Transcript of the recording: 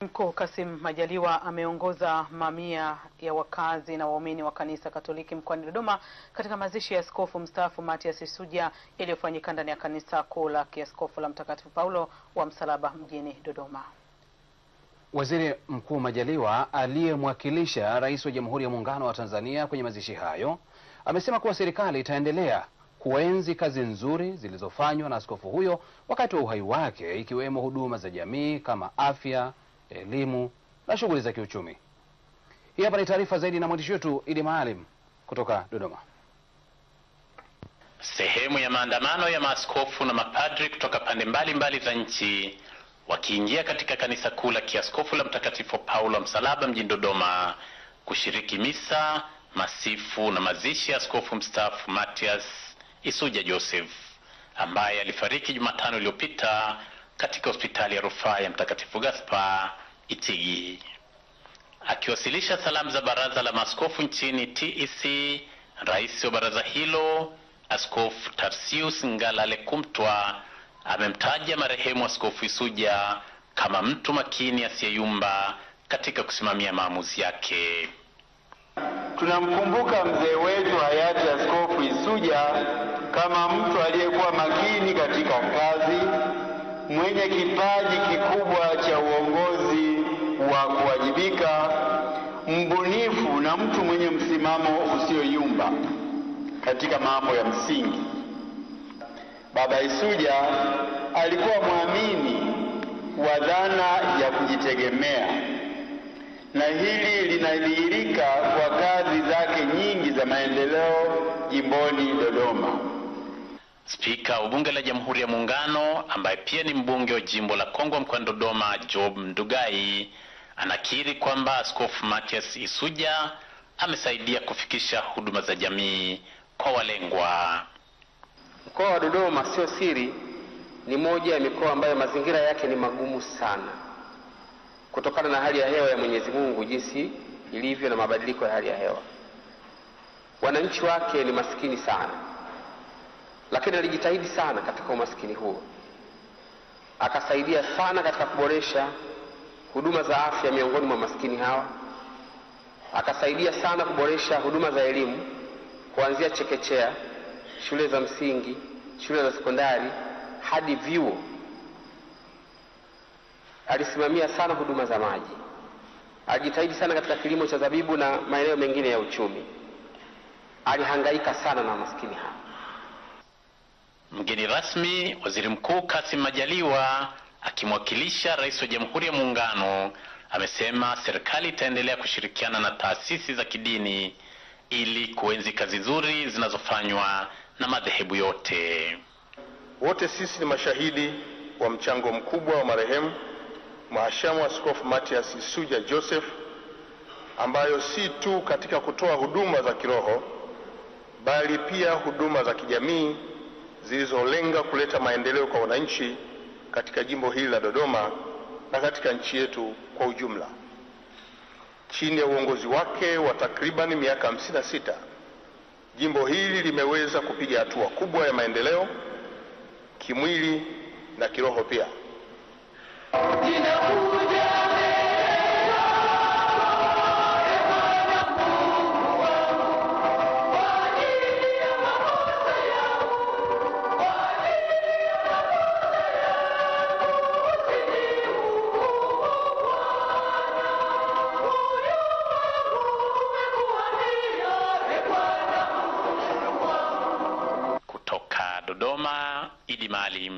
Mkuu Kasim Majaliwa ameongoza mamia ya wakazi na waumini wa kanisa Katoliki mkoani Dodoma katika mazishi ya askofu mstaafu matias Isuja yaliyofanyika ndani ya kanisa kuu la kiaskofu la Mtakatifu Paulo wa Msalaba mjini Dodoma. Waziri Mkuu Majaliwa aliyemwakilisha Rais wa Jamhuri ya Muungano wa Tanzania kwenye mazishi hayo amesema kuwa serikali itaendelea kuenzi kazi nzuri zilizofanywa na askofu huyo wakati wa uhai wake, ikiwemo huduma za jamii kama afya elimu na shughuli za kiuchumi. Hii hapa ni taarifa zaidi na mwandishi wetu Idi Maalim kutoka Dodoma. Sehemu ya maandamano ya maaskofu na mapadri kutoka pande mbalimbali za nchi wakiingia katika kanisa kuu la kiaskofu la Mtakatifu Paulo Msalaba mjini Dodoma kushiriki misa, masifu na mazishi ya askofu mstaafu Matias Isuja Joseph ambaye alifariki Jumatano iliyopita katika hospitali ya rufaa ya Mtakatifu Gaspar Itigi. Akiwasilisha salamu za baraza la maaskofu nchini TEC, rais wa baraza hilo Askofu Tarsius Ngalale Kumtwa amemtaja marehemu Askofu Isuja kama mtu makini asiyeyumba katika kusimamia maamuzi yake. Tunamkumbuka mzee wetu hayati Askofu Isuja kama mtu aliyekuwa makini katika kazi mwenye kipaji kikubwa cha uongozi wa kuwajibika, mbunifu na mtu mwenye msimamo usioyumba katika mambo ya msingi. Baba Isuja alikuwa mwamini wa dhana ya kujitegemea, na hili linadhihirika kwa kazi zake nyingi za maendeleo jimboni Dodoma. Spika wa bunge la Jamhuri ya Muungano ambaye pia ni mbunge wa jimbo la Kongwa mkoani Dodoma, Job Ndugai anakiri kwamba Askofu Mathias Isuja amesaidia kufikisha huduma za jamii kwa walengwa. Mkoa wa Dodoma, sio siri, ni moja ya mikoa ambayo mazingira yake ni magumu sana kutokana na hali ya hewa ya Mwenyezi Mungu jinsi ilivyo na mabadiliko ya hali ya hewa. Wananchi wake ni maskini sana lakini alijitahidi sana katika umaskini huo, akasaidia sana katika kuboresha huduma za afya miongoni mwa maskini hawa, akasaidia sana kuboresha huduma za elimu kuanzia chekechea, shule za msingi, shule za sekondari hadi vyuo. Alisimamia sana huduma za maji, alijitahidi sana katika kilimo cha zabibu na maeneo mengine ya uchumi. Alihangaika sana na maskini hawa. Mgeni rasmi Waziri Mkuu Kassim Majaliwa akimwakilisha Rais wa Jamhuri ya Muungano amesema serikali itaendelea kushirikiana na taasisi za kidini ili kuenzi kazi nzuri zinazofanywa na madhehebu yote. Wote sisi ni mashahidi wa mchango mkubwa wa marehemu Mhashamu Askofu matias Isuja Joseph, ambayo si tu katika kutoa huduma za kiroho bali pia huduma za kijamii zilizolenga kuleta maendeleo kwa wananchi katika jimbo hili la Dodoma na katika nchi yetu kwa ujumla. Chini ya uongozi wake wa takriban miaka sita jimbo hili limeweza kupiga hatua kubwa ya maendeleo kimwili na kiroho pia. idi maalim